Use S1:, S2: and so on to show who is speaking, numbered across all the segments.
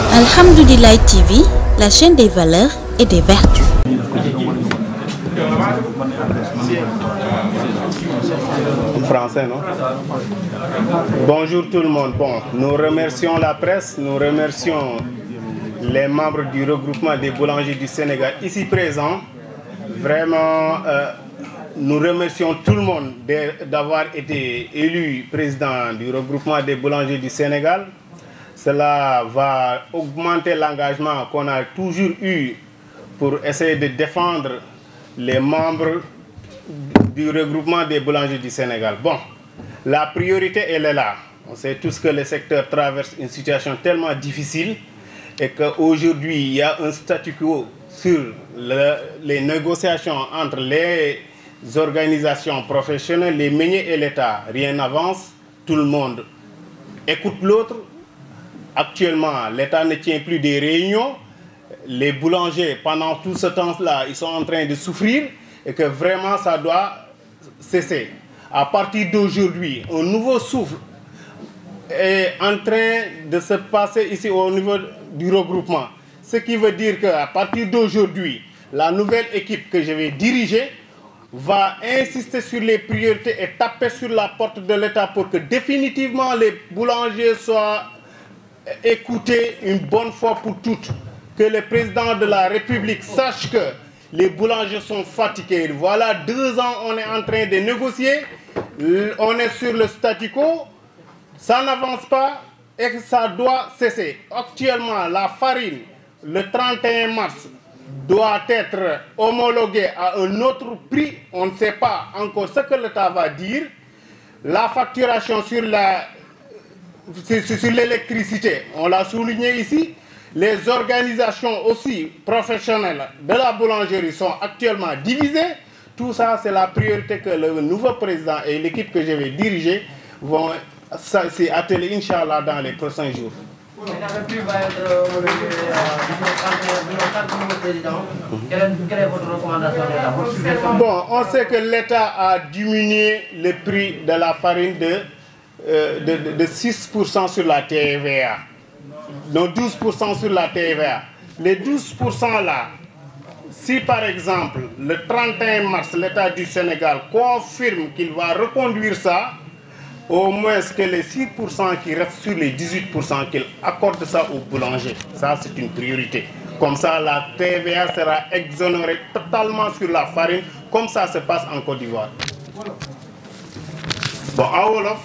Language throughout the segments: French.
S1: Alhamdulillah TV, la chaîne des valeurs et des vertus. Français, non Bonjour tout le monde. Bon, nous remercions la presse, nous remercions les membres du regroupement des boulangers du Sénégal ici présents. Vraiment, euh, nous remercions tout le monde d'avoir été élu président du regroupement des boulangers du Sénégal. Cela va augmenter l'engagement qu'on a toujours eu pour essayer de défendre les membres du regroupement des boulangers du Sénégal. Bon, la priorité, elle est là. On sait tous que le secteur traverse une situation tellement difficile et qu'aujourd'hui, il y a un statu quo sur les négociations entre les organisations professionnelles, les meuniers et l'État. Rien n'avance, tout le monde écoute l'autre Actuellement, l'État ne tient plus des réunions. Les boulangers, pendant tout ce temps-là, ils sont en train de souffrir et que vraiment ça doit cesser. À partir d'aujourd'hui, un nouveau souffle est en train de se passer ici au niveau du regroupement. Ce qui veut dire qu'à partir d'aujourd'hui, la nouvelle équipe que je vais diriger va insister sur les priorités et taper sur la porte de l'État pour que définitivement les boulangers soient Écoutez une bonne fois pour toutes, que le président de la République sache que les boulangers sont fatigués. Voilà deux ans, on est en train de négocier, on est sur le statu quo, ça n'avance pas et ça doit cesser. Actuellement, la farine, le 31 mars, doit être homologuée à un autre prix. On ne sait pas encore ce que l'État va dire. La facturation sur la c'est sur l'électricité, on l'a souligné ici, les organisations aussi professionnelles de la boulangerie sont actuellement divisées. Tout ça, c'est la priorité que le nouveau président et l'équipe que je vais diriger vont s'y atteler, Inch'Allah, dans les prochains jours.
S2: Euh, euh,
S1: bon, on sait que l'État a diminué le prix de la farine de euh, de, 6% sur la TVA. Donc, 12% sur la TVA. Les 12% là, si par exemple le 31 mars l'État du Sénégal confirme qu'il va reconduire ça, au moins que les 6% qui restent sur les 18% qu'il accorde ça aux boulangers. Ça, c'est une priorité. Comme ça, la TVA sera exonérée totalement sur la farine, comme ça se passe en Côte d'Ivoire. Bon, à Wolof,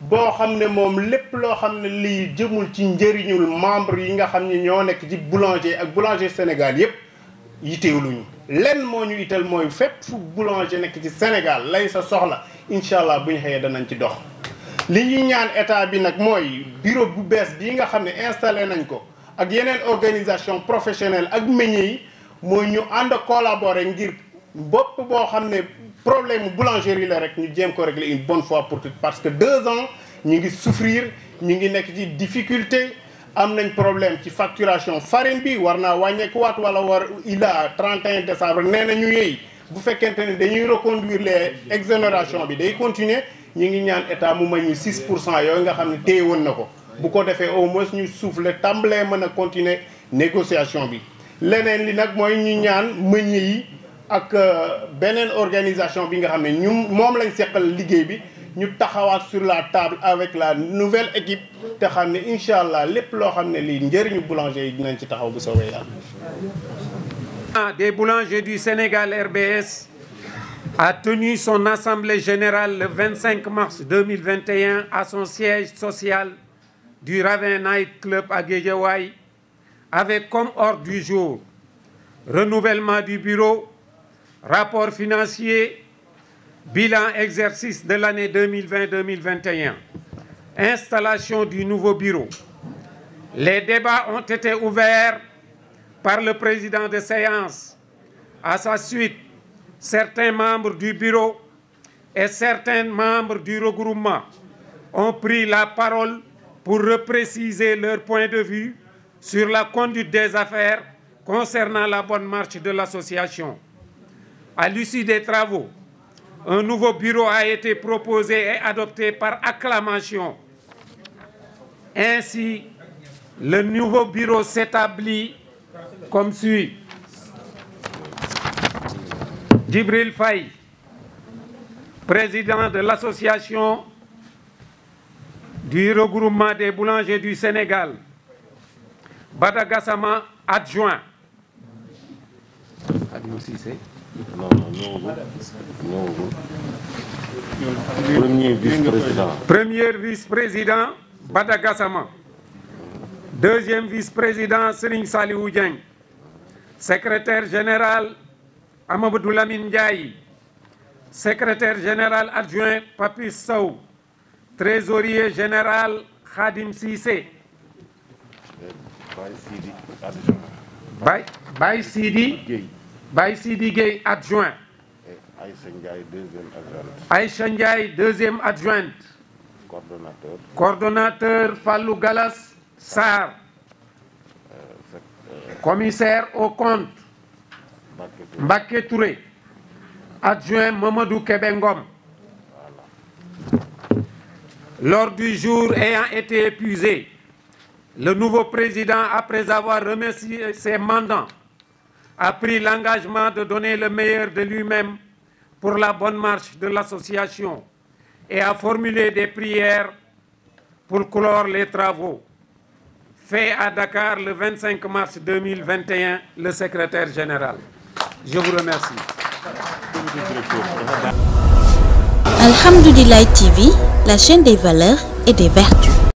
S1: boo xam ne moom lépp loo xam ne lii jëmul ci njëriñul membre yi nga xam ne ñoo nekk ci boulanger ak boulanger Sénégal yëpp yiteewluñu lenn moo ñu ital mooy fépp fu boulanger nekk ci Sénégal lay sa soxla incha allah bu xëyee danañ ci dox li ñuy ñaan état bi nag mooy bureau bu bees bii nga xam ne installé nañ ko ak yeneen organisation professionnel ak meññe yi mooy ñu ànd collaborer ngir bop bo xamné problème boulangerie la rek une bonne fois pour toutes parce que deux ans nous souffrir nous ngi difficulté am nañ problème ci facturation farine bi wañé on wat wala war 31 décembre ñu bu fait dañuy reconduire les bi day continuer ngi ñaan état 6 pour nga xamné bu au moins ñu continuer négociation bi li ak une euh, organisation bi nga sommes ñu sur la table avec la nouvelle équipe te xamné inshallah lepp lo xamné
S2: des boulangers du Sénégal RBS a tenu son assemblée générale le 25 mars 2021 à son siège social du Raven Club à Guédiawaye avec comme ordre du jour renouvellement du bureau rapport financier, bilan exercice de l'année 2020-2021, installation du nouveau bureau. Les débats ont été ouverts par le président de séance. À sa suite, certains membres du bureau et certains membres du regroupement ont pris la parole pour repréciser leur point de vue sur la conduite des affaires concernant la bonne marche de l'association. À l'issue des travaux, un nouveau bureau a été proposé et adopté par acclamation. Ainsi, le nouveau bureau s'établit comme suit. Djibril Faye, président de l'association du regroupement des boulangers du Sénégal, Badagassama adjoint non non non.
S1: premier vice-président.
S2: premier vice-président deuxième vice-président Serigne Saliou secrétaire général Amadou Lamine Ndiaye. secrétaire général adjoint Papis Sow. trésorier général Khadim Sissé. Bye Sidi. Baï Sidi. Baïsidigé, adjoint.
S1: Eh, Aïcha Ndiaye,
S2: deuxième adjointe. deuxième adjointe.
S1: Coordonnateur.
S2: Coordonnateur Fallou Galas Sar. Euh, euh, Commissaire au compte. Mbaké Touré. Adjoint Mamadou Kebengom. Lors du jour ayant été épuisé, le nouveau président, après avoir remercié ses mandants, a pris l'engagement de donner le meilleur de lui-même pour la bonne marche de l'association et a formulé des prières pour clore les travaux. Fait à Dakar le 25 mars 2021, le secrétaire général. Je vous remercie.
S1: Alhamdulillah TV, la chaîne des valeurs et des vertus.